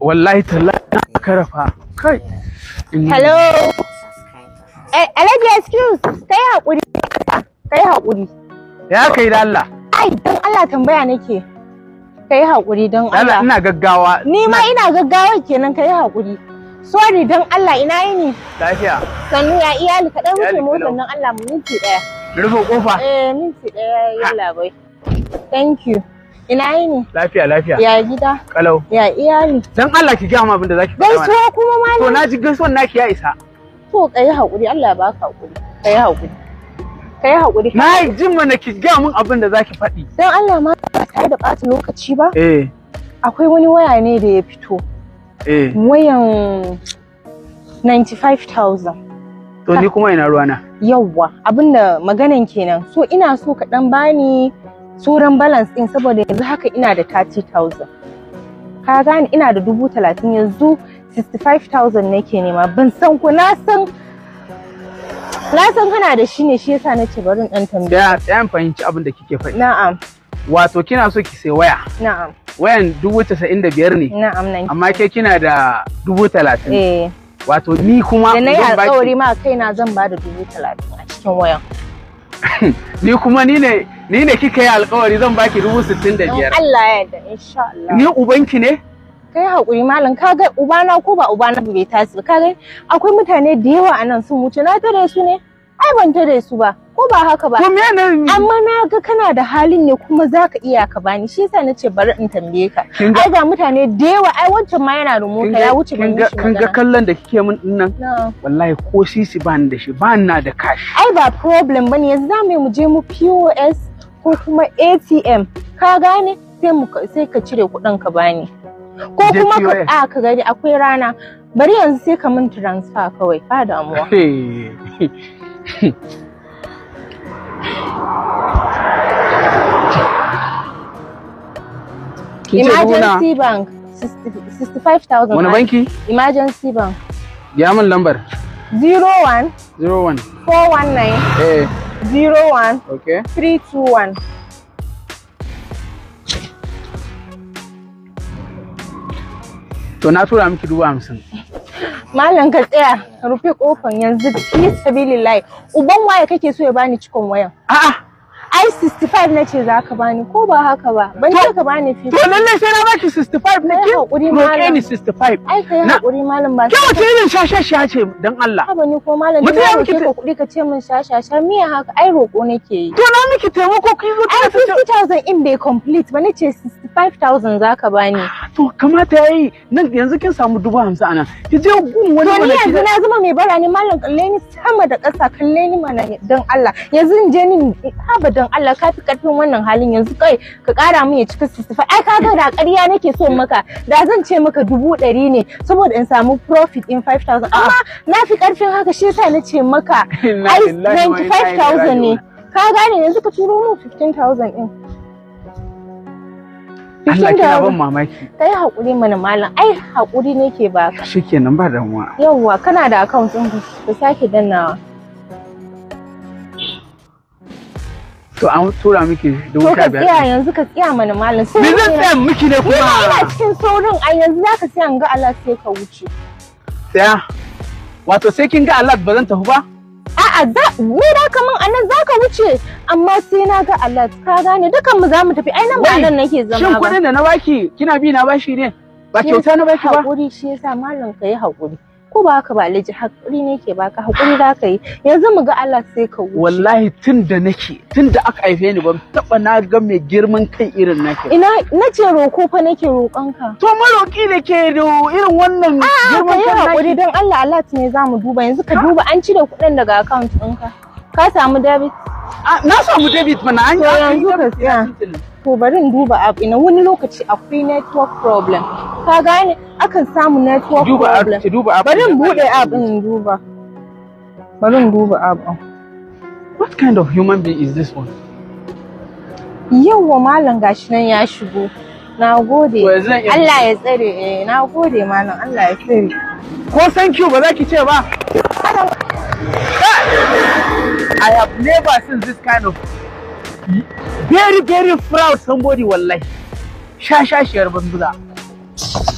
wallahi tallahi na karafa kai hello eh alhaji excuse kai hakuri kai hakuri ya kai da Allah ai dan Allah tambaya nake kai hakuri dan Allah ina gaggawa ni ma ina gaggawa kenan kai hakuri sorry dan Allah ina yini lafiya sannu ya iyali kadan muke motar nan Allah mu minti daya rufe kofa eh minti daya yalla bai thank you Ina yini? Lafiya lafiya. Ya gida? Kalau. Ya iyali. Dan Allah ki gaya mu abin da zaki faɗa. Gaisuwa kuma malam. To na ji gaisuwan naki ya isa. To kai hakuri Allah ya baka hakuri. Kai hakuri. Kai hakuri. Na yi ji mana ki gaya mun abin da zaki faɗi. Dan Allah ma ba tare da ɓata lokaci ba. Eh. Akwai wani waya ne da ya fito. Eh. Wayan 95,000. To ni kuma ina ruwana. Yawwa abinda maganan kenan. So ina so ka dan bani tsoron balance din saboda yanzu haka ina da 30,000 ka gane ina da dubu talatin yanzu 65,000 nake nema ban san ku na san na san kana da shi ne shi yasa na ce bari dan tambaya dan fahimci abin da kike faɗi na'am wato kina so ki sai waya na'am wayan dubu casa'in da biyar ne na'am nan amma ke kina da dubu talatin eh wato ni kuma da na yi alƙawari ma kaina zan ba da dubu talatin a cikin wayan ni kuma ni ne ni ne kika yi alkawari zan baki dubu sittin da biyar. Allah ya yarda insha Allah. Ni ubanki ne? Kai haƙuri malam ka ga ubana ko ba ubana bai tasiri ka ga akwai mutane da yawa a nan sun wuce na tare su ne ai ban tare su ba. ba haka ba amma na ga kana da halin ne kuma zaka iya ka bani shi yasa nace bari in tambaye ka ai ga mutane da yawa ai wancan ma yana da mota ya wuce ban kan ga kallon da kike min dinnan wallahi ko sisi bani da shi Ba na da cash ai ba problem bane yanzu za mu je mu POS ko kuma ATM ka gane sai mu sai ka cire kuɗin ka bani ko kuma ka a ka gani akwai rana bari yanzu sai ka min transfer kawai ba damuwa Emergency Bank 65,000. Wani banki? Emergency Bank. Ya min lambar. 01 01 419 eh 01 okay 321 To na tura miki dubu hamsin. malam ka tsaya rufe kofan yanzu bi sabilillahi uban waye kake so ya bani cikon wayan a'a ai 65 na ce za ka bani ko ba haka ba ban ce ka bani fi to lalle sai na baki 65 ne ki hakuri malam ni 65 ai kai hakuri malam ba ke wace irin shashasha ce dan Allah ba ni ko malam ne ba ki ka kudi ka ce min shashasha me haka ai roko nake yi to na miki taimako ki zo ki 50000 in bai complete ba nace ce 65000 za ka bani ah, to kamata yayi nan yanzu kin samu dubu hamsin anan ki je gun wani to ni yanzu na zama mai bara ne mallam kalle ni sama da ƙasa kalle ni mana dan Allah yanzu in je ni haba dan Allah ka fi karfin wannan halin yanzu kai ka ƙara min ya cika sisifa ai ka ga da ƙarya nake so maka da zan ce maka dubu ɗari ne saboda in samu profit in 5000 amma na fi karfin haka shi yasa na ce maka ai 95000 ne ka gane yanzu ka turo min 15000 din Allah ki ban mamaki. Kai hakuri mana malam. Ai hakuri ne ke baka. Shikenan ba damuwa. Yawwa kana da account din ku sake dannawa. To an tura miki da wuta biyar. Ka tsaya yanzu ka tsaya mana malam. Ni zan tsaya miki ne kuma. Ni ina cikin saurin a yanzu zaka tsaya ga Allah sai ka wuce. Tsaya. Wato sai kin ga Allah ba zan tafi ba? a'a za me da kaman anan zaka wuce amma sai na ga Allah ka gane dukan mu za mu tafi ai nan ba nan nake zama ba shin kuɗin da na baki kina bi na bashi ne ba kyauta na baki ba hakuri shi yasa mallam kai hakuri ko ba haka ba alhaji hakuri ne ke baka hakuri za ka yi yanzu mu ga Allah sai ka wuce wallahi tun da nake tun da aka haife ni ban taba na ga mai girman kai irin nake ina nace roko fa nake roƙon ka to maroki da ke da irin wannan girman kai hakuri dan Allah Allah ne zamu duba yanzu ka duba an cire kuɗin daga account ɗinka ka samu debit na samu debit mana an yi yanzu ka to bari in duba app ina wani lokaci akwai network problem ka gane akan samu network problem ki duba bari duba bari in duba app what kind of human being is this one malam gashi nan ya shigo na gode Allah ya tsare eh na gode malam Allah ya tsare ko thank you ba za ki ce ba I have never seen this kind of very very proud somebody wallahi shashashiyar banduza Thank you.